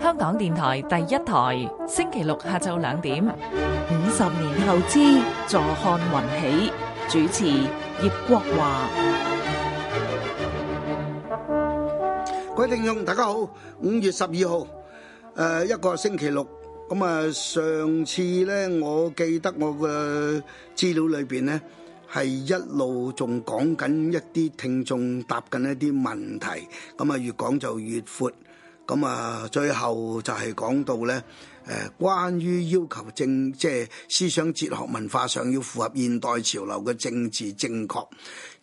香港電台第一台星期六下晝係一路仲講緊一啲聽眾答緊一啲問題，咁啊越講就越闊，咁啊最後就係講到咧，誒關於要求政即係思想、哲學、文化上要符合現代潮流嘅政治正確，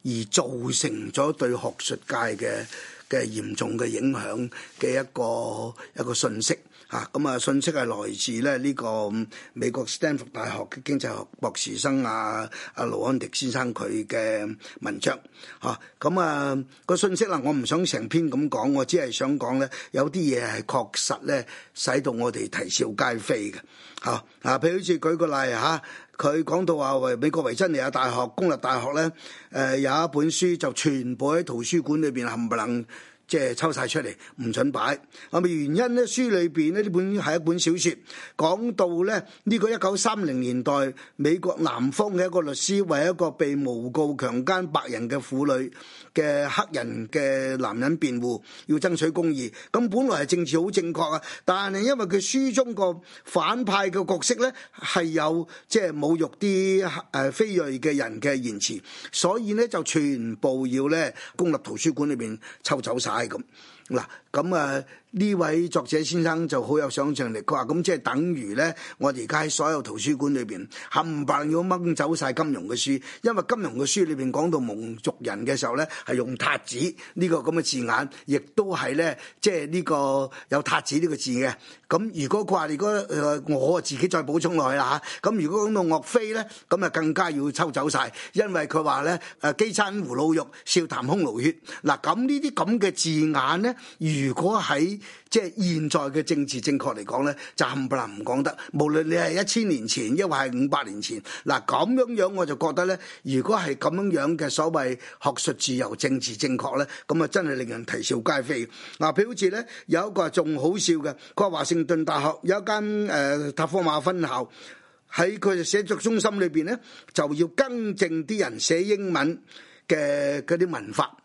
而造成咗對學術界嘅嘅嚴重嘅影響嘅一個一個信息。啊，咁啊，信息係來自咧呢個美國 Stanford 大學嘅經濟學博士生啊，阿、啊、盧安迪先生佢嘅文章，嚇咁啊，啊、嗰個信息啊，我唔想成篇咁講，我只係想講咧，有啲嘢係確實咧，使到我哋啼笑皆非嘅，嚇嗱，譬、啊、如好似舉個例嚇，佢、啊、講到話為美國維珍尼亞大學公立大學咧，誒、啊、有一本書就全部喺圖書館裏邊冚唪唥。即係抽晒出嚟，唔准擺。咁咪原因呢？書裏邊呢呢本係一本小説，講到呢，呢個一九三零年代美國南方嘅一個律師，為一個被誣告強姦白人嘅婦女。嘅黑人嘅男人辯護，要爭取公義。咁本來係政治好正確啊，但係因為佢書中個反派嘅角色呢，係有即係侮辱啲誒非裔嘅人嘅言辭，所以呢就全部要呢公立圖書館裏邊抽走晒。咁嗱。咁啊呢位作者先生就好有想像力，佢話，咁即係等於咧，我哋而家喺所有圖書館裏邊冚唪唥要掹走晒金融嘅書，因為金融嘅書裏邊講到蒙族人嘅時候咧，係用塔子呢個咁嘅字眼，亦都係咧，即係呢個有塔子呢個字嘅。咁如果佢話，如果誒我自己再補充落去啦吓，咁如果講到岳飛咧，咁啊更加要抽走晒，因為佢話咧，誒飢餐胡虜肉，笑談匈奴血。嗱咁呢啲咁嘅字眼咧，如如果喺即係現在嘅政治正確嚟講咧，就冚唪唥唔講得。無論你係一千年前，抑或係五百年前，嗱咁樣樣我就覺得咧，如果係咁樣樣嘅所謂學術自由、政治正確咧，咁啊真係令人啼笑皆非。嗱，譬如好似咧有一個仲好笑嘅，佢話華盛頓大學有一間誒塔科馬分校，喺佢寫作中心裏邊咧，就要更正啲人寫英文嘅嗰啲文法。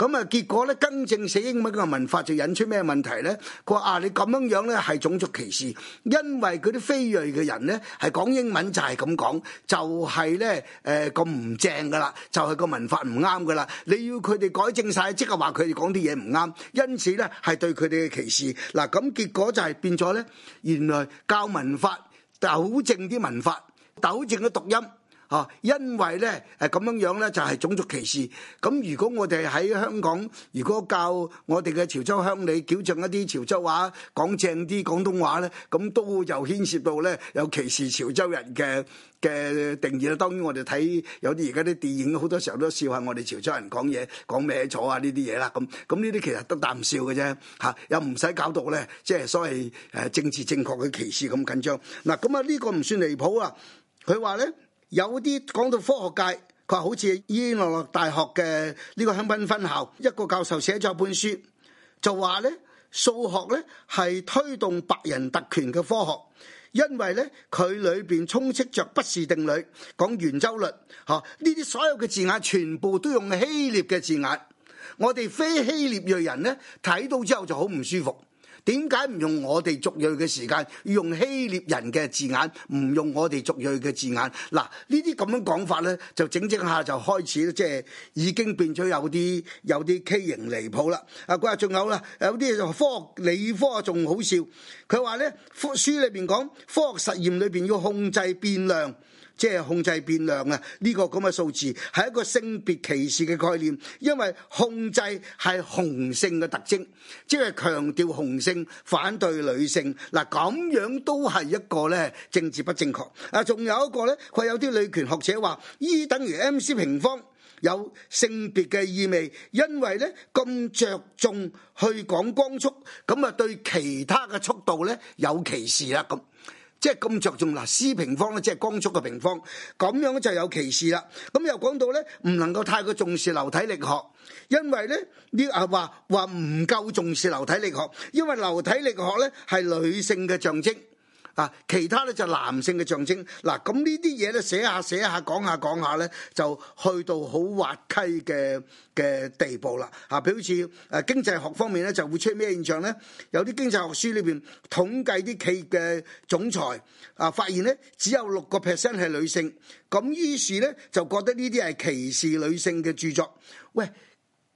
咁啊，結果咧，更正寫英文嘅文法就引出咩問題咧？佢話啊，你咁樣樣咧係種族歧視，因為嗰啲非裔嘅人咧係講英文就係咁講，就係咧誒咁唔正噶啦，就係個文法唔啱噶啦。你要佢哋改正晒，即係話佢哋講啲嘢唔啱，因此咧係對佢哋嘅歧視。嗱，咁結果就係變咗咧，原來教文法糾正啲文法，糾正個讀音。啊，因為呢誒咁樣樣呢就係種族歧視。咁如果我哋喺香港，如果教我哋嘅潮州鄉里矯正一啲潮州話講正啲廣東話呢，咁都又牽涉到呢有歧視潮州人嘅嘅定義啦。當然我哋睇有啲而家啲電影好多時候都笑下我哋潮州人講嘢講歪咗啊呢啲嘢啦。咁咁呢啲其實得啖笑嘅啫。嚇，又唔使搞到呢，即係所謂誒政治正確嘅歧視咁緊張。嗱，咁啊呢個唔算離譜啊。佢話呢。有啲講到科學界，佢話好似伊利諾大學嘅呢個香檳分校，一個教授寫咗本書，就話咧數學咧係推動白人特權嘅科學，因為咧佢裏邊充斥着不是定律，講圓周率，嚇呢啲所有嘅字眼全部都用希臘嘅字眼，我哋非希臘裔人咧睇到之後就好唔舒服。點解唔用我哋族裔嘅時間，用希臘人嘅字眼，唔用我哋族裔嘅字眼？嗱，呢啲咁樣講法呢，就整整下就開始，即係已經變咗有啲有啲畸形離譜啦。啊，佢話仲有啦，有啲科學理科仲好笑，佢話呢書裏邊講科學實驗裏邊要控制變量。即係控制變量啊！呢個咁嘅數字係一個性別歧視嘅概念，因為控制係雄性嘅特徵，即係強調雄性，反對女性。嗱，咁樣都係一個呢政治不正確。啊，仲有一個呢，佢有啲女權學者話 E 等於 MC 平方有性別嘅意味，因為呢咁着重去講光速，咁啊對其他嘅速度呢有歧視啦咁。即係咁着重喇，c 平方即係光速嘅平方，咁樣就有歧視啦。咁又講到呢，唔能夠太過重視流體力學，因為呢要啊話話唔夠重視流體力學，因為流體力學呢係女性嘅象徵。啊！其他咧就男性嘅象徵，嗱咁呢啲嘢咧寫下寫下講下講下咧，就去到好滑稽嘅嘅地步啦。啊，譬如好似誒經濟學方面咧，就會出現咩現象咧？有啲經濟學書裏邊統計啲企業嘅總裁啊，發現咧只有六個 percent 係女性，咁於是咧就覺得呢啲係歧視女性嘅著作。喂！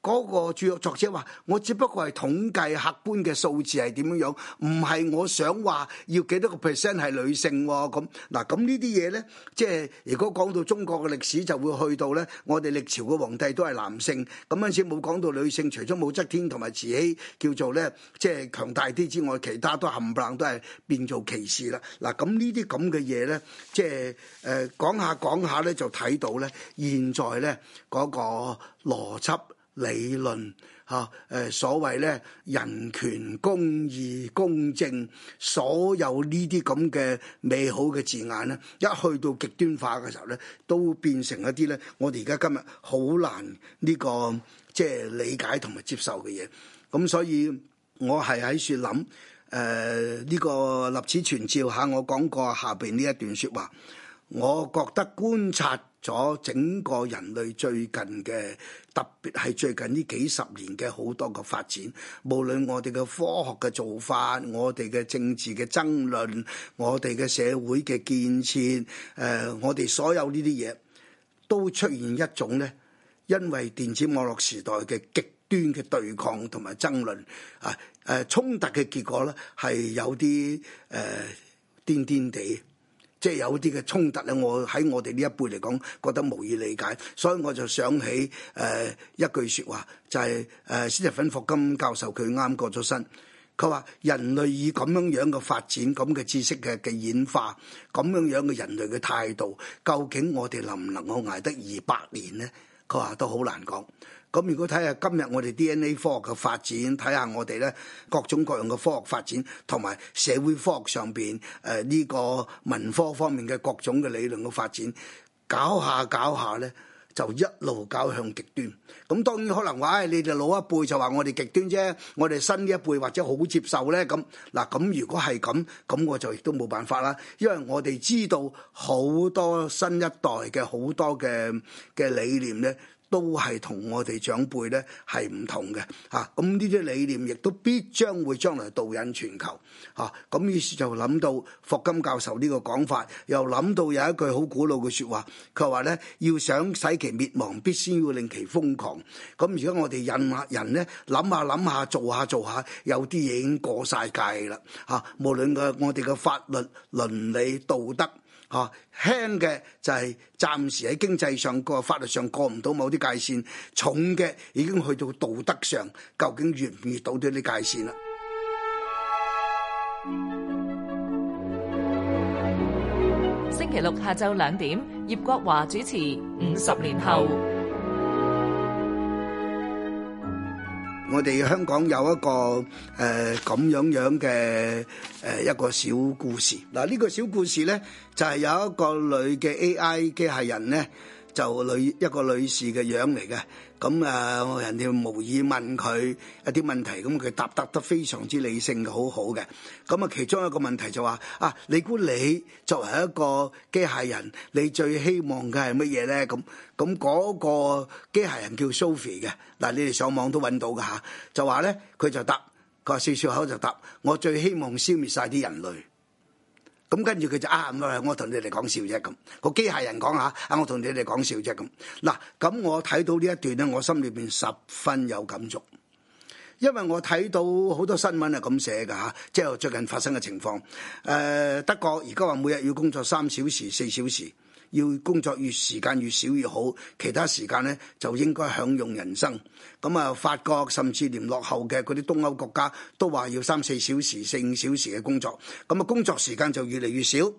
嗰個著作者話：我只不過係統計客觀嘅數字係點樣樣，唔係我想話要幾多個 percent 係女性喎咁。嗱咁呢啲嘢呢，即係如果講到中國嘅歷史，就會去到呢：我哋歷朝嘅皇帝都係男性，咁先冇講到女性。除咗武則天同埋慈禧叫做呢，即係強大啲之外，其他都冚唪唥，都係變做歧視啦。嗱咁呢啲咁嘅嘢呢，即係誒講下講下呢，就睇到呢現在呢嗰個邏輯。理論嚇，誒、啊呃，所謂咧人權、公義、公正，所有呢啲咁嘅美好嘅字眼咧，一去到極端化嘅時候咧，都變成一啲咧，我哋而家今日好難呢、呢個即係理解同埋接受嘅嘢。咁所以我，我係喺度諗誒呢個立此存照下，我講過下邊呢一段説話，我覺得觀察。咗整個人類最近嘅特別係最近呢幾十年嘅好多個發展，無論我哋嘅科學嘅做法、我哋嘅政治嘅爭論、我哋嘅社會嘅建設，誒、呃，我哋所有呢啲嘢都出現一種呢，因為電子網絡時代嘅極端嘅對抗同埋爭論啊，誒、呃呃，衝突嘅結果咧係有啲誒癲癲地。呃癲癲即係有啲嘅衝突咧，我喺我哋呢一輩嚟講，覺得無以理解，所以我就想起誒、呃、一句説話，就係誒斯蒂芬霍金教授佢啱過咗身，佢話人類以咁樣樣嘅發展，咁嘅知識嘅嘅演化，咁樣樣嘅人類嘅態度，究竟我哋能唔能夠捱得二百年呢？佢話都好難講。咁如果睇下今日我哋 DNA 科學嘅發展，睇下我哋呢各種各樣嘅科學發展，同埋社會科學上邊誒呢個文科方面嘅各種嘅理論嘅發展，搞下搞下呢就一路搞向極端。咁當然可能話，誒你哋老一輩就話我哋極端啫，我哋新一輩或者好接受呢。咁嗱，咁如果係咁，咁我就亦都冇辦法啦，因為我哋知道好多新一代嘅好多嘅嘅理念呢。都係同我哋長輩呢係唔同嘅嚇，咁呢啲理念亦都必將會將來導引全球嚇，咁、啊、於是就諗到霍金教授呢個講法，又諗到有一句好古老嘅説話，佢話呢要想使其滅亡，必先要令其瘋狂。咁而家我哋引下人呢，諗下諗下，做下做下，有啲嘢已經過晒界啦嚇，無論個我哋嘅法律、倫理、道德。啊，輕嘅就係暫時喺經濟上個、法律上過唔到某啲界線，重嘅已經去到道德上，究竟越唔越到呢啲界線啦。星期六下晝兩點，葉國華主持《五十年後》。我哋香港有一個誒咁、呃、樣樣嘅誒、呃、一個小故事。嗱，呢個小故事咧，就係、是、有一個女嘅 AI 機械人咧。就女一個女士嘅樣嚟嘅。咁啊人哋無意問佢一啲問題，咁佢答答得非常之理性嘅，好好嘅。咁啊，其中一個問題就話啊，你估你作為一個機械人，你最希望嘅係乜嘢咧？咁咁嗰個機械人叫 Sophie 嘅，嗱，你哋上網都揾到㗎吓，就話咧佢就答，佢話笑笑口就答，我最希望消滅晒啲人類。咁跟住佢就啊，唔該，我同你哋講笑啫咁。個機械人講下。啊，我同你哋講笑啫咁。嗱、那個，咁、啊、我睇到呢一段咧，我心裏面十分有感觸，因為我睇到好多新聞係咁寫㗎吓，即係最近發生嘅情況。誒、呃，德國而家話每日要工作三小時、四小時。要工作越時間越少越好，其他時間呢，就應該享用人生。咁、嗯、啊，法國甚至連落後嘅嗰啲東歐國家都話要三四小時、四五小時嘅工作，咁、嗯、啊工作時間就越嚟越少。嗱、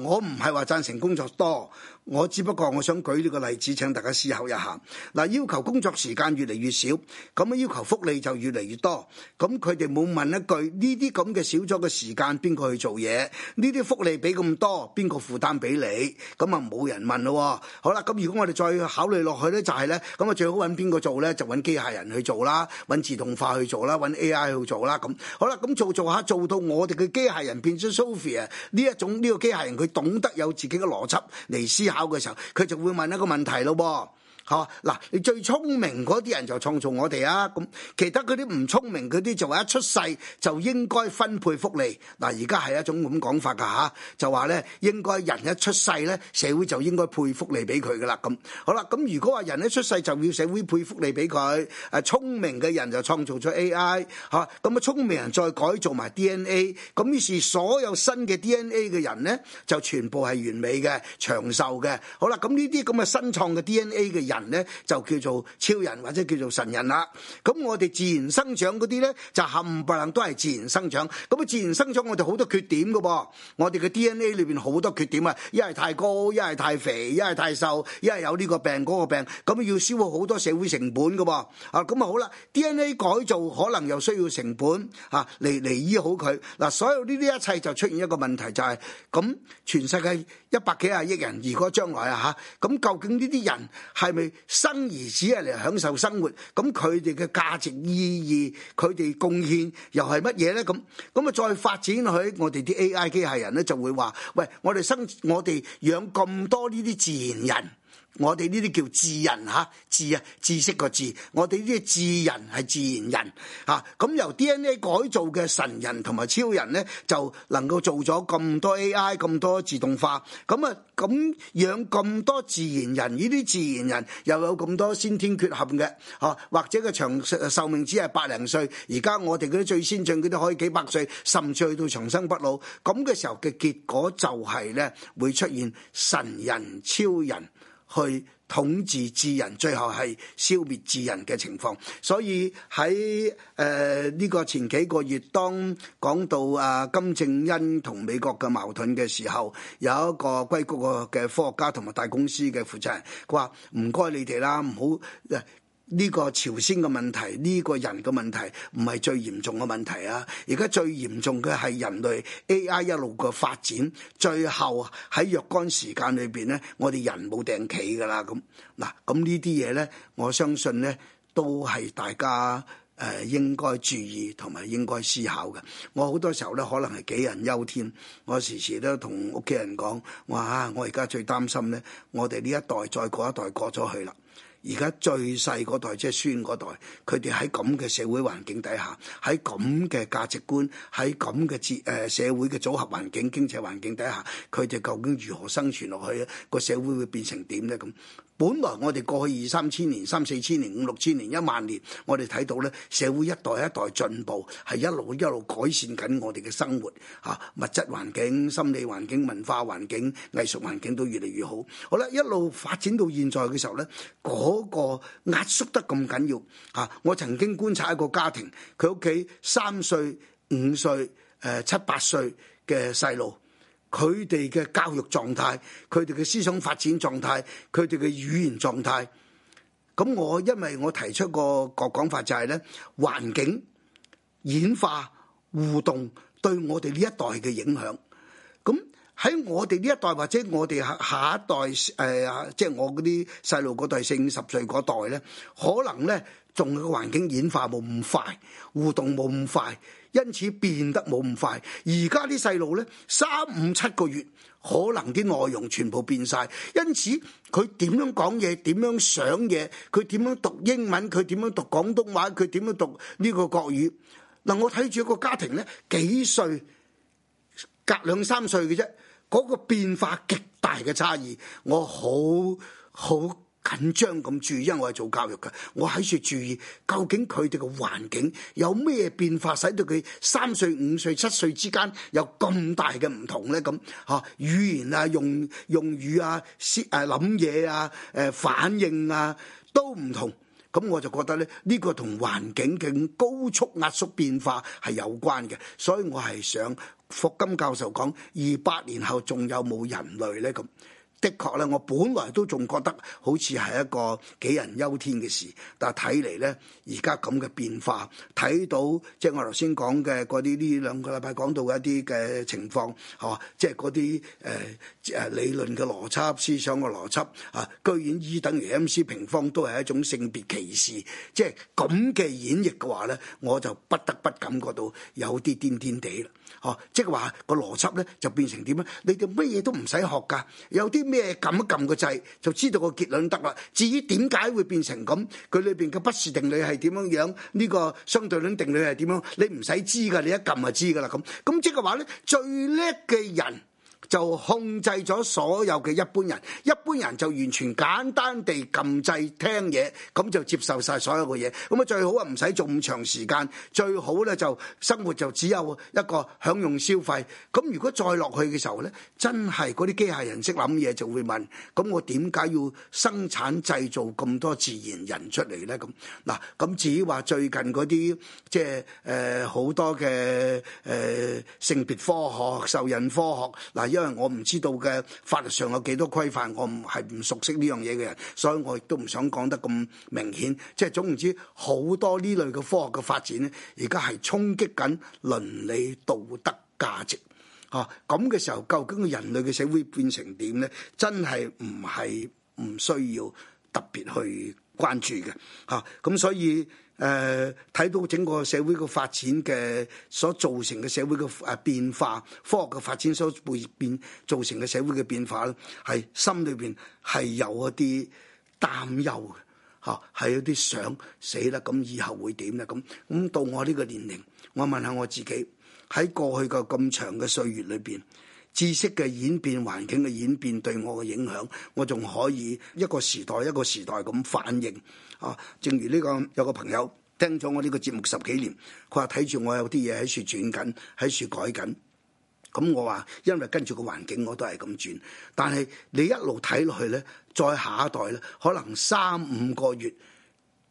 嗯，我唔係話贊成工作多。我只不過我想舉呢個例子，請大家思考一下。嗱，要求工作時間越嚟越少，咁啊要求福利就越嚟越多。咁佢哋冇問一句呢啲咁嘅少咗嘅時間，邊個去做嘢？呢啲福利俾咁多，邊個負擔俾你？咁啊冇人問咯。好啦，咁如果我哋再考慮落去咧，就係咧，咁啊最好揾邊個做咧？就揾機械人去做啦，揾自動化去做啦，揾 AI 去做啦。咁好啦，咁做做下做到我哋嘅機械人變咗 Sophia 呢一種呢個機械人，佢懂得有自己嘅邏輯嚟思考嘅時候，佢就會問一個問題咯噃。嚇嗱，你最聰明嗰啲人就創造我哋啊！咁，其他嗰啲唔聰明嗰啲就話一出世就應該分配福利。嗱，而家係一種咁講法噶嚇，就話咧應該人一出世咧，社會就應該配福利俾佢噶啦咁。好啦，咁如果話人一出世就要社會配福利俾佢，誒聰明嘅人就創造出 AI 嚇，咁啊聰明人再改造埋 DNA，咁於是所有新嘅 DNA 嘅人咧就全部係完美嘅長壽嘅。好啦，咁呢啲咁嘅新創嘅 DNA 嘅人。人咧就叫做超人或者叫做神人啦。咁我哋自然生長嗰啲咧就冚唪唥都係自然生長。咁啊自然生長，我哋好多缺點噶噃。我哋嘅 DNA 裏邊好多缺點啊，一係太高，一係太肥，一係太瘦，一係有呢個病嗰個病。咁、這個、要消耗好多社會成本噶噃。啊咁啊好啦，DNA 改造可能又需要成本啊嚟嚟醫好佢嗱。所有呢啲一切就出現一個問題就係、是，咁全世界一百幾廿億人，如果將來啊吓，咁究竟呢啲人係咪？生兒子係嚟享受生活，咁佢哋嘅價值意義，佢哋貢獻又係乜嘢咧？咁咁啊，再發展去，我哋啲 A.I. 機械人咧，就會話：，喂，我哋生，我哋養咁多呢啲自然人。我哋呢啲叫智人吓，智啊，知識個智。我哋呢啲智人係自然人吓，咁、啊、由 D N A 改造嘅神人同埋超人咧，就能夠做咗咁多 A I，咁多自動化咁啊。咁養咁多自然人，呢啲自然人又有咁多先天缺陷嘅吓、啊、或者個長壽壽命只係百零歲。而家我哋啲最先進佢都可以幾百歲，甚至去到長生不老咁嘅時候嘅結果就係咧，會出現神人超人，去統治智人，最後係消滅智人嘅情況。所以喺誒呢個前幾個月，當講到啊金正恩同美國嘅矛盾嘅時候，有一個硅谷嘅科學家同埋大公司嘅負責人，佢話唔該你哋啦，唔好。呃呢個朝鮮嘅問題，呢個人嘅問題唔係最嚴重嘅問題啊！而家最嚴重嘅係人類 AI 一路嘅發展，最後喺若干時間裏邊咧，我哋人冇凳企噶啦咁。嗱，咁呢啲嘢咧，我相信咧都係大家誒、呃、應該注意同埋應該思考嘅。我好多時候咧，可能係杞人憂天。我時時都同屋企人講，哇，我而家最擔心咧，我哋呢一代再過一代過咗去啦。而家最細嗰代即係孫嗰代，佢哋喺咁嘅社會環境底下，喺咁嘅價值觀，喺咁嘅社誒社會嘅組合環境、經濟環境底下，佢哋究竟如何生存落去啊？個社會會變成點咧咁？本來我哋過去二三千年、三四千年、五六千年、一萬年，我哋睇到呢社會一代一代進步，係一路一路改善緊我哋嘅生活嚇、啊，物質環境、心理環境、文化環境、藝術環境都越嚟越好。好啦，一路發展到現在嘅時候呢嗰、嗰個壓縮得咁緊要嚇、啊。我曾經觀察一個家庭，佢屋企三歲、五歲、誒、呃、七八歲嘅細路。佢哋嘅教育狀態，佢哋嘅思想發展狀態，佢哋嘅語言狀態。咁我因為我提出個講法就係咧，環境演化互動對我哋呢一代嘅影響。咁喺我哋呢一代或者我哋下下一代誒，即係我嗰啲細路嗰代四五十歲嗰代咧，可能咧仲個環境演化冇咁快，互動冇咁快。因此變得冇咁快，而家啲細路呢，三五七個月，可能啲內容全部變晒。因此佢點樣講嘢，點樣想嘢，佢點樣讀英文，佢點樣讀廣東話，佢點樣讀呢個國語。嗱，我睇住一個家庭呢，幾歲隔兩三歲嘅啫，嗰個變化極大嘅差異，我好好緊張咁注意，因為我係做教育嘅，我喺處注意究竟佢哋嘅環境有咩變化，使到佢三歲、五歲、七歲之間有咁大嘅唔同呢？咁、嗯、嚇語言啊，用用語啊，思誒諗嘢啊，誒、啊、反應啊，都唔同。咁、嗯、我就覺得呢，呢、呢個同環境嘅高速壓縮變化係有關嘅。所以我係想霍金教授講，二百年後仲有冇人類呢？咁。的確咧，我本來都仲覺得好似係一個杞人憂天嘅事，但係睇嚟咧，而家咁嘅變化，睇到即係我頭先講嘅啲呢兩個禮拜講到嘅一啲嘅情況吓，即係嗰啲誒誒理論嘅邏輯，思想嘅邏輯啊，居然 E 等於 MC 平方都係一種性別歧視，即係咁嘅演繹嘅話咧，我就不得不感覺到有啲顛顛地啦，哦即係話個邏輯咧就變成點咧？你哋乜嘢都唔使學噶，有啲。咩，撳一撳個掣就知道個結論得啦？至於點解會變成咁，佢裏邊嘅不是定理係點樣樣，呢個相對論定理係點樣，你唔使知噶，你一撳就知噶啦咁。咁即係話咧，最叻嘅人。就控制咗所有嘅一般人，一般人就完全簡單地撳掣聽嘢，咁就接受曬所有嘅嘢。咁啊，最好啊，唔使做咁長時間，最好咧就生活就只有一個享用消費。咁如果再落去嘅時候咧，真係嗰啲機械人識諗嘢就會問，咁我點解要生產製造咁多自然人出嚟咧？咁嗱，咁至於話最近嗰啲即係誒好多嘅誒性別科學、受孕科學嗱。因為我唔知道嘅法律上有幾多規範，我唔係唔熟悉呢樣嘢嘅人，所以我亦都唔想講得咁明顯。即係總言之，好多呢類嘅科學嘅發展呢，而家係衝擊緊倫理道德價值。啊，咁嘅時候，究竟人類嘅社會變成點呢？真係唔係唔需要特別去關注嘅。啊，咁所以。誒睇，呃、到整個社會嘅發展嘅所造成嘅社會嘅誒變化，科學嘅發展所會變造成嘅社會嘅變化咧，係心裏邊係有一啲擔憂嘅，嚇係有啲想死啦，咁以後會點咧？咁咁到我呢個年齡，我問下我自己喺過去嘅咁長嘅歲月裏邊。知識嘅演變，環境嘅演變對我嘅影響，我仲可以一個時代一個時代咁反應啊。正如呢、呢個有個朋友聽咗我呢個節目十幾年，佢話睇住我有啲嘢喺處轉緊，喺處改緊。咁、嗯、我話因為跟住個環境我都係咁轉，但係你一路睇落去呢，再下一代呢，可能三五個月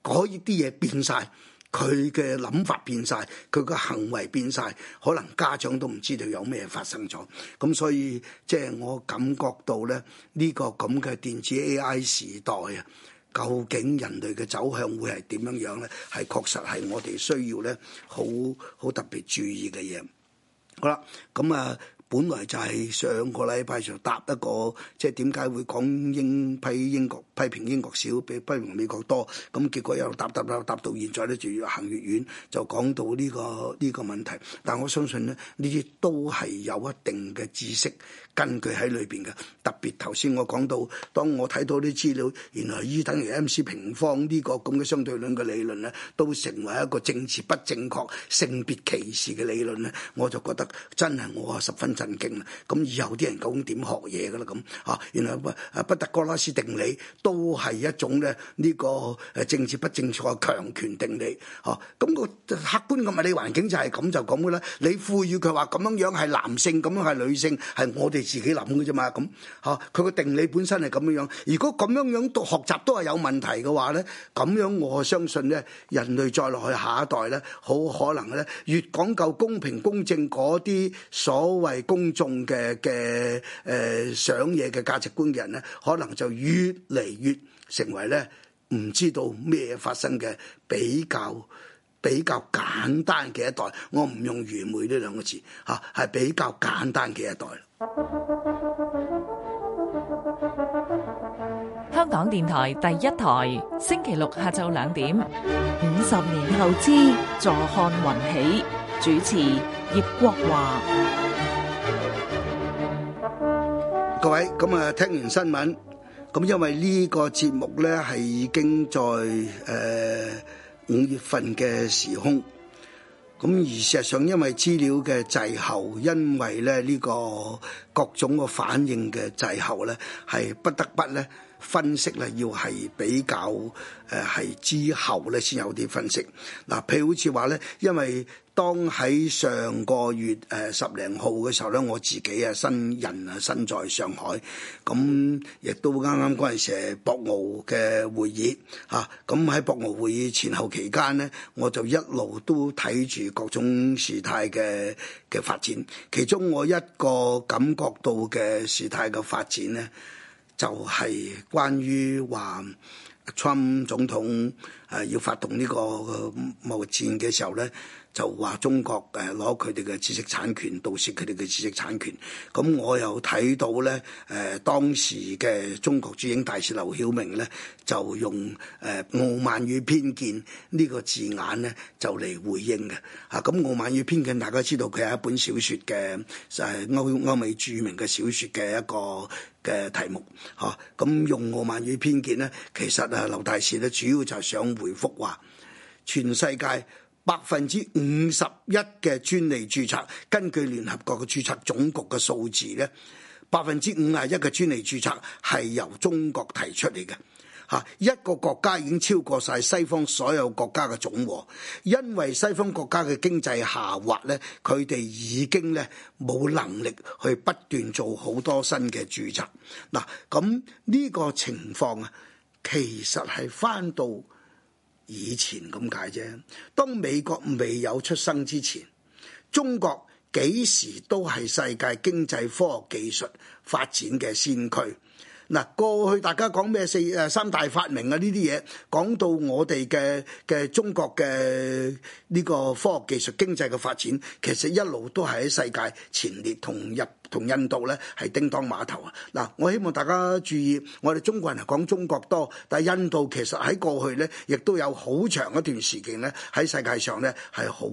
嗰啲嘢變晒。佢嘅諗法變晒，佢個行為變晒，可能家長都唔知道有咩發生咗。咁所以即係、就是、我感覺到咧，呢、這個咁嘅電子 AI 時代啊，究竟人類嘅走向會係點樣樣咧？係確實係我哋需要咧，好好特別注意嘅嘢。好啦，咁啊。本來就係上個禮拜就答一個，即係點解會講英批英國批評英國少，比批評美國多？咁結果又答答答答到現在咧，就要行越遠就講到呢個呢個問題，但我相信咧，呢啲都係有一定嘅知識根據喺裏邊嘅。特別頭先我講到，當我睇到啲資料，原來 E 等於 MC 平方呢個咁嘅相對論嘅理論咧，都成為一個政治不正確性別歧視嘅理論咧，我就覺得真係我啊十分。震驚啦！咁以後啲人究竟點學嘢噶啦咁吓？原來不不特哥拉斯定理都係一種咧呢個誒，政治不正確強權定理吓。咁個客觀嘅物理環境就係咁就咁噶啦。你賦予佢話咁樣樣係男性，咁樣係女性，係我哋自己諗嘅啫嘛。咁吓，佢個定理本身係咁樣樣。如果咁樣樣都學習都係有問題嘅話咧，咁樣我相信咧，人類再落去下一代咧，好可能咧越講究公平公正嗰啲所謂。公眾嘅嘅誒想嘢嘅價值觀嘅人咧，可能就越嚟越成為咧唔知道咩發生嘅比較比較簡單嘅一代。我唔用愚昧呢兩個字吓，係比較簡單嘅一代。香港電台第一台，星期六下晝兩點，五十年後之坐看雲起，主持葉國華。各位，咁啊，聽完新聞，咁因為呢個節目咧係已經在誒五月份嘅時空，咁而事實上因為資料嘅滯後，因為咧呢個各種嘅反應嘅滯後咧，係不得不咧。分析咧要係比較誒係之後咧先有啲分析。嗱，譬如好似話咧，因為當喺上個月誒十零號嘅時候咧，我自己啊新人啊身在上海，咁亦都啱啱剛好係博鰲嘅會議嚇，咁喺博鰲會議前後期間咧，我就一路都睇住各種事態嘅嘅發展，其中我一個感覺到嘅事態嘅發展咧。就係關於話川普總統誒要發動呢個貿戰嘅時候咧。就話中國誒攞佢哋嘅知識產權，盜竊佢哋嘅知識產權，咁我又睇到咧誒、呃、當時嘅中國駐英大使劉曉明咧就用誒、呃、傲慢與偏見呢個字眼咧就嚟回應嘅嚇，咁、啊、傲慢與偏見大家知道佢係一本小説嘅，就係歐歐美著名嘅小説嘅一個嘅題目嚇，咁、啊啊、用傲慢與偏見咧其實啊劉大使咧主要就係想回覆話全世界。百分之五十一嘅專利註冊，根據聯合國嘅註冊總局嘅數字呢，百分之五十一嘅專利註冊係由中國提出嚟嘅，嚇，一個國家已經超過晒西方所有國家嘅總和，因為西方國家嘅經濟下滑呢，佢哋已經咧冇能力去不斷做好多新嘅註冊。嗱，咁呢個情況啊，其實係翻到。以前咁解啫。當美國未有出生之前，中國幾時都係世界經濟科學技術發展嘅先驅。嗱，過去大家講咩四誒三大發明啊呢啲嘢，講到我哋嘅嘅中國嘅呢個科學技術經濟嘅發展，其實一路都係喺世界前列，同印同印度咧係叮噹碼頭啊！嗱，我希望大家注意，我哋中國人係講中國多，但係印度其實喺過去咧，亦都有好長一段時間咧喺世界上咧係好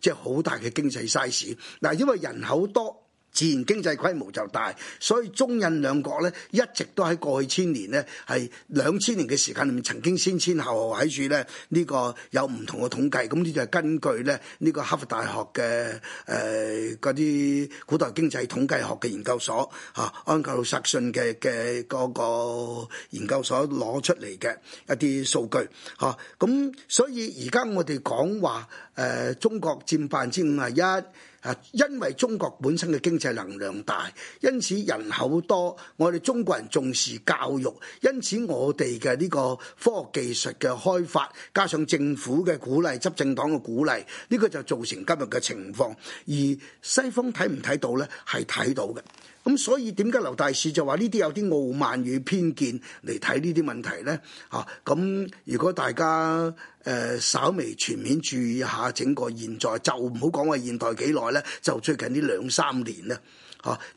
即係好大嘅經濟 size。嗱，因為人口多。自然經濟規模就大，所以中印兩國咧一直都喺過去千年咧係兩千年嘅時間裏面曾經先先後後喺住咧呢、這個有唔同嘅統計，咁、嗯、呢就係根據咧呢、這個哈佛大學嘅誒嗰啲古代經濟統計學嘅研究所嚇、嗯、安格魯塞信嘅嘅嗰個研究所攞出嚟嘅一啲數據嚇，咁、嗯嗯、所以而家我哋講話誒、呃、中國佔百分之五十一。因為中國本身嘅經濟能量大，因此人口多，我哋中國人重視教育，因此我哋嘅呢個科學技術嘅開發，加上政府嘅鼓勵、執政黨嘅鼓勵，呢、這個就造成今日嘅情況。而西方睇唔睇到呢？係睇到嘅。咁所以點解劉大使就話呢啲有啲傲慢與偏見嚟睇呢啲問題呢？嚇、啊、咁如果大家誒、呃、稍微全面注意下整個現在，就唔好講話現代幾耐呢，就最近呢兩三年咧，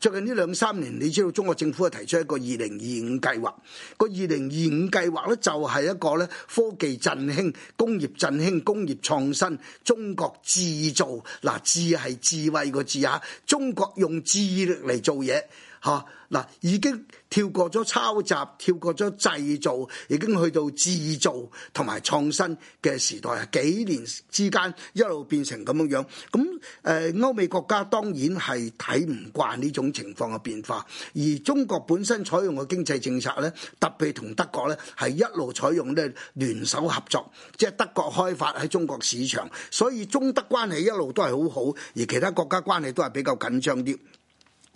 最近呢兩三年，你知道中國政府啊提出一個二零二五計劃，個二零二五計劃咧就係一個咧科技振興、工業振興、工業創新、中國智造。嗱，智係智慧個智啊，中國用智力嚟做嘢。嚇嗱，已經跳過咗抄襲，跳過咗製造，已經去到製造同埋創新嘅時代。幾年之間一路變成咁樣樣。咁、嗯、誒，歐美國家當然係睇唔慣呢種情況嘅變化。而中國本身採用嘅經濟政策咧，特別同德國咧係一路採用咧聯手合作，即係德國開發喺中國市場，所以中德關係一路都係好好，而其他國家關係都係比較緊張啲。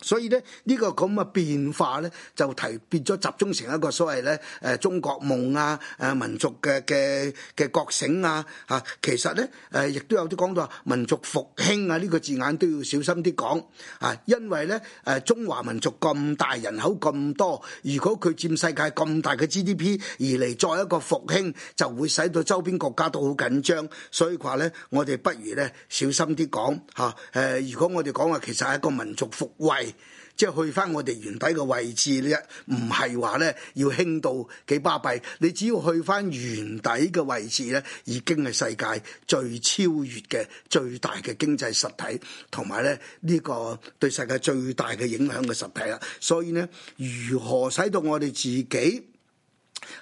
所以咧呢個咁嘅變化咧，就提變咗集中成一個所謂咧誒，中國夢啊，誒，民族嘅嘅嘅覺醒啊嚇，其實咧誒，亦都有啲講到民族復興啊呢個字眼都要小心啲講啊，因為咧誒，中華民族咁大人口咁多，如果佢佔世界咁大嘅 GDP 而嚟，再一個復興就會使到周邊國家都好緊張，所以話咧我哋不如咧小心啲講吓誒，如果我哋講話其實係一個民族復位。即係去返我哋原底嘅位置咧，唔係話咧要勁到幾巴閉，你只要去返原底嘅位置咧，已經係世界最超越嘅最大嘅經濟實體，同埋咧呢個對世界最大嘅影響嘅實體啦。所以咧，如何使到我哋自己？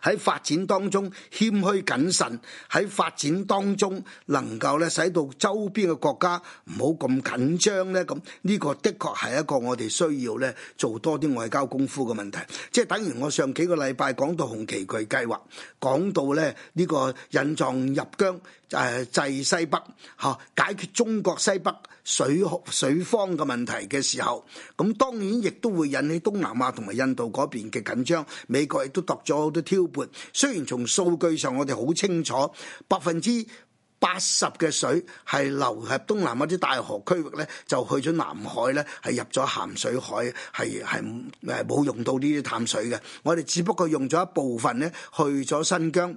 喺發展當中謙虛謹慎，喺發展當中能夠咧使到周邊嘅國家唔好咁緊張咧，咁呢個的確係一個我哋需要咧做多啲外交功夫嘅問題，即係等於我上幾個禮拜講到紅旗渠計劃講到咧呢、呢個引藏入疆誒、呃、濟西北吓、啊、解決中國西北水水荒嘅問題嘅時候，咁當然亦都會引起東南亞同埋印度嗰邊嘅緊張，美國亦都度咗好多挑。雖然從數據上，我哋好清楚，百分之八十嘅水係流入東南嗰啲大河區域呢，就去咗南海，呢係入咗鹹水海，係係冇用到呢啲淡水嘅。我哋只不過用咗一部分，呢去咗新疆。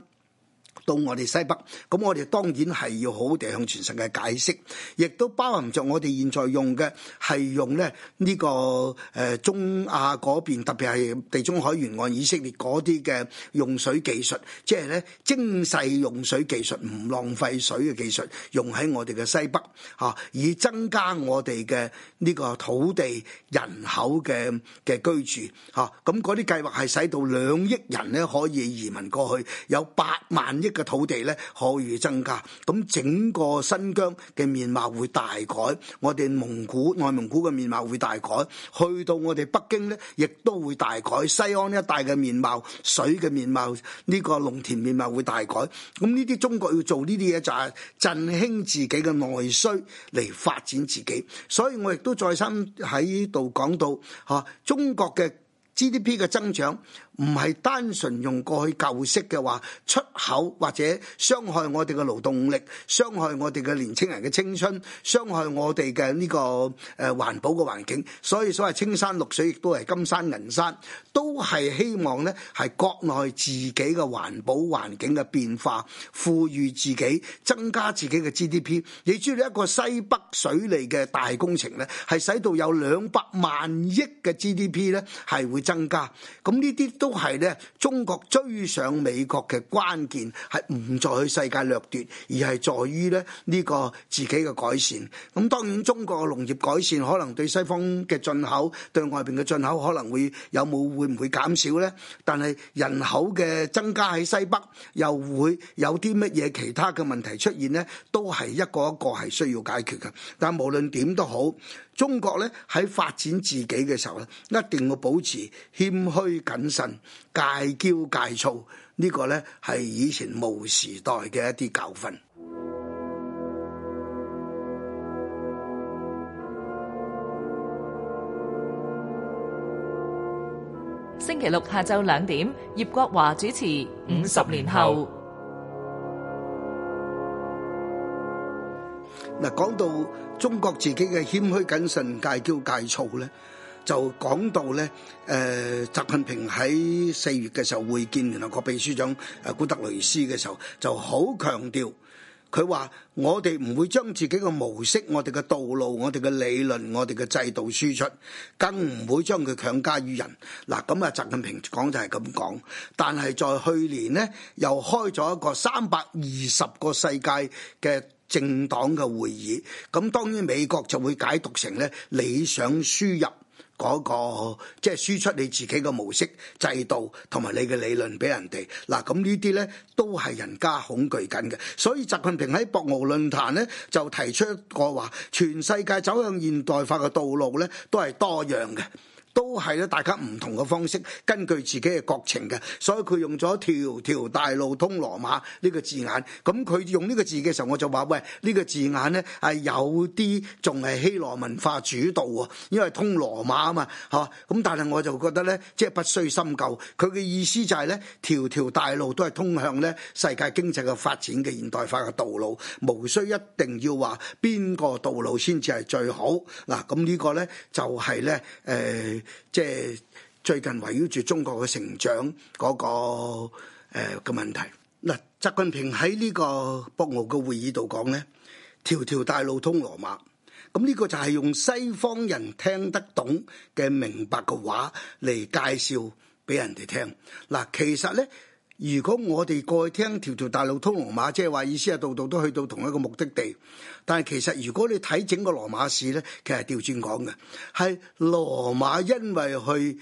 到我哋西北，咁我哋當然係要好好地向全城嘅解釋，亦都包含著我哋現在用嘅係用咧呢個誒中亞嗰邊，特別係地中海沿岸以色列嗰啲嘅用水技術，即係咧精細用水技術，唔浪費水嘅技術用喺我哋嘅西北嚇，以增加我哋嘅呢個土地人口嘅嘅居住嚇。咁嗰啲計劃係使到兩億人咧可以移民過去，有八萬。一嘅土地咧可以增加，咁整個新疆嘅面貌會大改，我哋蒙古、內蒙古嘅面貌會大改，去到我哋北京咧，亦都會大改，西安一帶嘅面貌、水嘅面貌，呢、這個農田面貌會大改。咁呢啲中國要做呢啲嘢，就係振興自己嘅內需嚟發展自己。所以我亦都再三喺度講到，吓、啊、中國嘅。GDP 嘅增長唔係單純用過去舊式嘅話，出口或者傷害我哋嘅勞動力，傷害我哋嘅年青人嘅青春，傷害我哋嘅呢個誒環保嘅環境。所以所謂青山綠水亦都係金山銀山，都係希望咧係國內自己嘅環保環境嘅變化，富裕自己，增加自己嘅 GDP。你知道一個西北水利嘅大工程咧，係使到有兩百萬億嘅 GDP 咧係會。增加，咁呢啲都係咧，中國追上美國嘅關鍵係唔再去世界掠奪，而係在於咧呢個自己嘅改善。咁當然，中國嘅農業改善可能對西方嘅進口，對外邊嘅進口可能會有冇會唔會減少咧？但係人口嘅增加喺西北又會有啲乜嘢其他嘅問題出現咧？都係一個一個係需要解決嘅。但係無論點都好。中國咧喺發展自己嘅時候咧，一定要保持謙虛謹慎、戒驕戒躁。呢個咧係以前冇時代嘅一啲教訓。星期六下晝兩點，葉國華主持《五十年後》。嗱，講到中國自己嘅謙虛謹慎、戒驕戒躁咧，就講到咧，誒，習近平喺四月嘅時候會見聯合國秘書長誒古特雷斯嘅時候，就好強調，佢話我哋唔會將自己嘅模式、我哋嘅道路、我哋嘅理論、我哋嘅制度輸出，更唔會將佢強加於人。嗱，咁啊，習近平講就係咁講，但係在去年咧，又開咗一個三百二十個世界嘅。政黨嘅會議，咁當然美國就會解讀成咧，你想輸入嗰、那個，即、就、係、是、輸出你自己嘅模式、制度同埋你嘅理論俾人哋。嗱，咁呢啲咧都係人家恐懼緊嘅。所以習近平喺博鰲論壇咧就提出一個話，全世界走向現代化嘅道路咧都係多樣嘅。都係咯，大家唔同嘅方式，根據自己嘅國情嘅，所以佢用咗條條大路通羅馬呢個字眼。咁佢用呢個字嘅時候，我就話喂，呢個字眼呢，係有啲仲係希羅文化主導喎，因為通羅馬啊嘛，嚇。咁但係我就覺得呢，即係不需深究。佢嘅意思就係呢條條大路都係通向呢世界經濟嘅發展嘅現代化嘅道路，無需一定要話邊個道路先至係最好。嗱，咁呢個呢，就係呢。誒。即係最近圍繞住中國嘅成長嗰、那個誒嘅、呃、問題，嗱，習近平喺呢個博鰲嘅會議度講咧，條條大路通羅馬，咁呢個就係用西方人聽得懂嘅明白嘅話嚟介紹俾人哋聽，嗱，其實咧。如果我哋過去聽條條大路通羅馬，即係話意思係度度都去到同一個目的地。但係其實，如果你睇整個羅馬市呢，其實掉轉講嘅係羅馬因為去。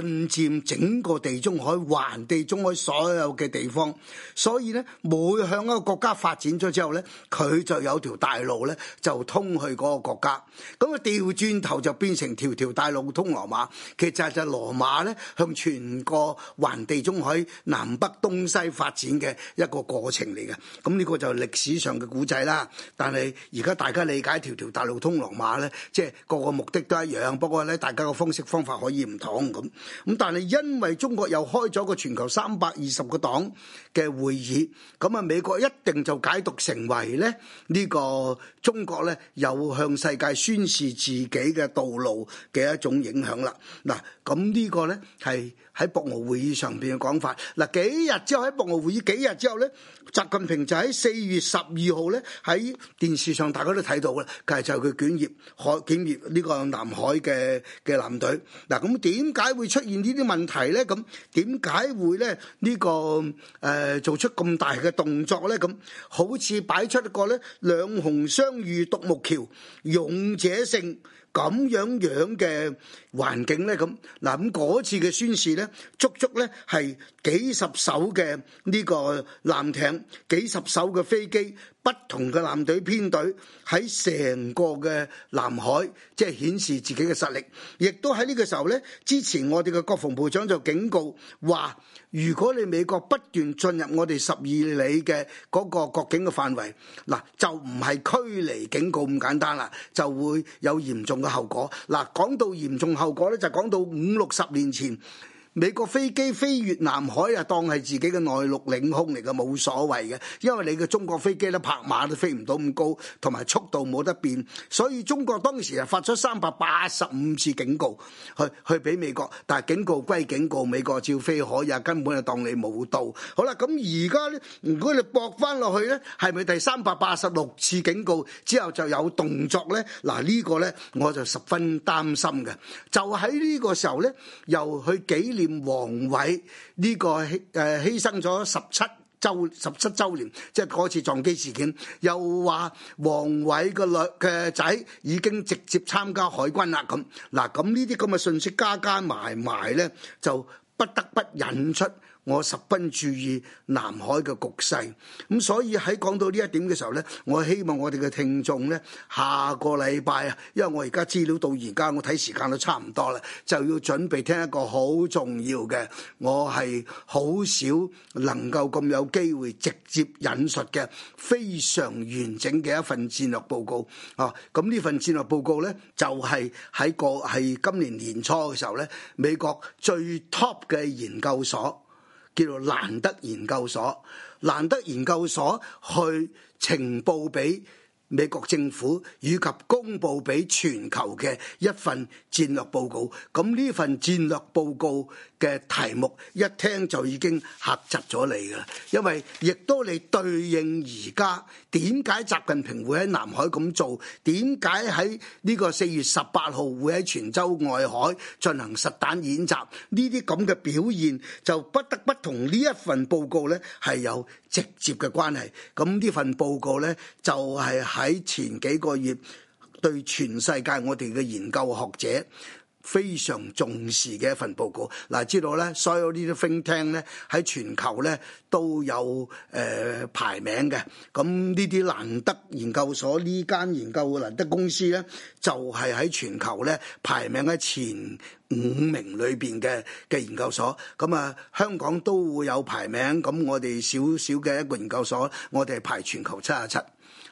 進佔整個地中海，環地中海所有嘅地方，所以咧每向一個國家發展咗之後咧，佢就有條大路咧就通去嗰個國家，咁啊掉轉頭就變成條條大路通羅馬。其實就係羅馬咧向全個環地中海南北東西發展嘅一個過程嚟嘅。咁呢個就係歷史上嘅古仔啦。但係而家大家理解條條大路通羅馬咧，即係個個目的都一樣，不過咧大家嘅方式方法可以唔同咁。咁但係因為中國又開咗個全球三百二十個黨嘅會議，咁啊美國一定就解讀成為咧呢個中國咧又向世界宣示自己嘅道路嘅一種影響啦。嗱，咁呢個咧係。喺博鰲會議上邊嘅講法，嗱，幾日之後喺博鰲會議幾日之後咧，習近平就喺四月十二號咧喺電視上，大家都睇到啦，佢係就佢檢閱海檢閱呢個南海嘅嘅艦隊。嗱，咁點解會出現呢啲問題咧？咁點解會咧、這、呢個誒、呃、做出咁大嘅動作咧？咁好似擺出一個咧兩雄相遇獨木橋，勇者勝。咁樣樣嘅環境咧，咁嗱咁嗰次嘅宣誓咧，足足咧係幾十艘嘅呢個艦艇，幾十艘嘅飛機。不同嘅艦隊編隊喺成個嘅南海，即係顯示自己嘅實力，亦都喺呢個時候呢。之前我哋嘅國防部長就警告話，如果你美國不斷進入我哋十二里嘅嗰個國境嘅範圍，嗱就唔係驅離警告咁簡單啦，就會有嚴重嘅後果。嗱，講到嚴重後果呢，就講到五六十年前。美國飛機飛越南海啊，當係自己嘅內陸領空嚟嘅，冇所謂嘅，因為你嘅中國飛機咧拍馬都飛唔到咁高，同埋速度冇得變，所以中國當時啊發出三百八十五次警告，去去俾美國，但係警告歸警告，美國照飛海，啊根本就當你冇到。好啦，咁而家咧，如果你駁翻落去咧，係咪第三百八十六次警告之後就有動作咧？嗱，呢個咧我就十分擔心嘅。就喺呢個時候咧，又去幾年。王偉呢、個誒犧、呃、牲咗，十七周十七周年，即係次撞機事件，又話王偉個女嘅仔已經直接參加海軍啦。咁嗱，咁呢啲咁嘅信息，加加埋埋咧，就不得不引出。我十分注意南海嘅局勢，咁所以喺講到呢一點嘅時候咧，我希望我哋嘅聽眾咧，下個禮拜，啊，因為我而家資料到而家，我睇時間都差唔多啦，就要準備聽一個好重要嘅，我係好少能夠咁有機會直接引述嘅非常完整嘅一份戰略報告啊。咁呢份戰略報告咧，就係喺個係今年年初嘅時候咧，美國最 top 嘅研究所。叫做蘭德研究所，蘭德研究所去情報俾美國政府以及公佈俾全球嘅一份戰略報告，咁呢份戰略報告嘅題目一聽就已經嚇窒咗你噶啦，因為亦都你對應而家點解習近平會喺南海咁做，點解喺呢個四月十八號會喺泉州外海進行實彈演習，呢啲咁嘅表現就不得不同呢一份報告呢係有直接嘅關係。咁呢份報告呢，就係喺喺前幾個月，對全世界我哋嘅研究學者非常重視嘅一份報告，嗱、啊、知道咧，所有呢啲 think tank 呢喺全球咧都有誒、呃、排名嘅。咁呢啲蘭德研究所呢間研究蘭德公司咧，就係、是、喺全球咧排名喺前五名裏邊嘅嘅研究所。咁啊，香港都會有排名。咁我哋少少嘅一個研究所，我哋係排全球七十七。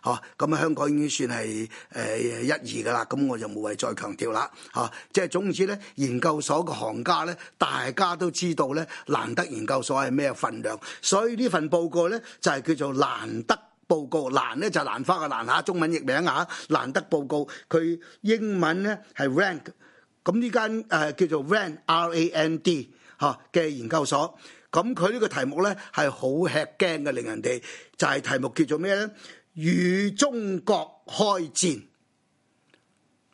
嚇，咁香港已經算係誒、呃、一二噶啦，咁我就冇謂再強調啦。嚇，即係總之咧，研究所嘅行家咧，大家都知道咧，蘭得研究所係咩分量，所以呢份報告咧就係叫做蘭得報告。蘭咧就係蘭花嘅蘭，嚇，中文譯名啊。「蘭得報告」。佢英文咧係 Rand，咁呢間誒、呃、叫做 Rand R A N D 嚇嘅研究所。咁佢呢個題目咧係好吃驚嘅，令人哋就係題目叫做咩咧？與中國開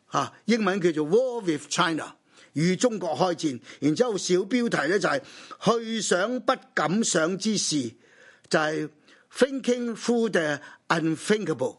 戰，英文叫做 War with China。與中國開戰，然之後小標題呢就係去想不敢想之事，就係 Thinking Through the Unthinkable。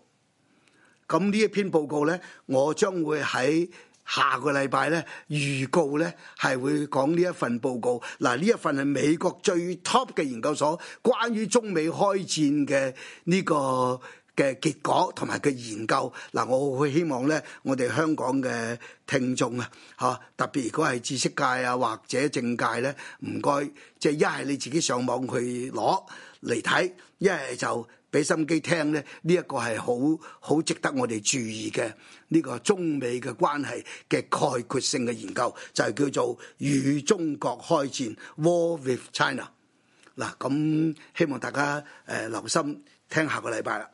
咁呢一篇報告呢，我將會喺下個禮拜呢預告呢係會講呢一份報告。嗱，呢一份係美國最 top 嘅研究所關於中美開戰嘅呢、這個。嘅結果同埋嘅研究嗱，我會希望咧，我哋香港嘅聽眾啊，嚇特別如果係知識界啊或者政界咧，唔該，即係一係你自己上網去攞嚟睇，一係就俾心機聽咧，呢一個係好好值得我哋注意嘅呢個中美嘅關係嘅概括性嘅研究，就係叫做與中國開戰 War with China。嗱，咁希望大家誒留心聽下個禮拜啦。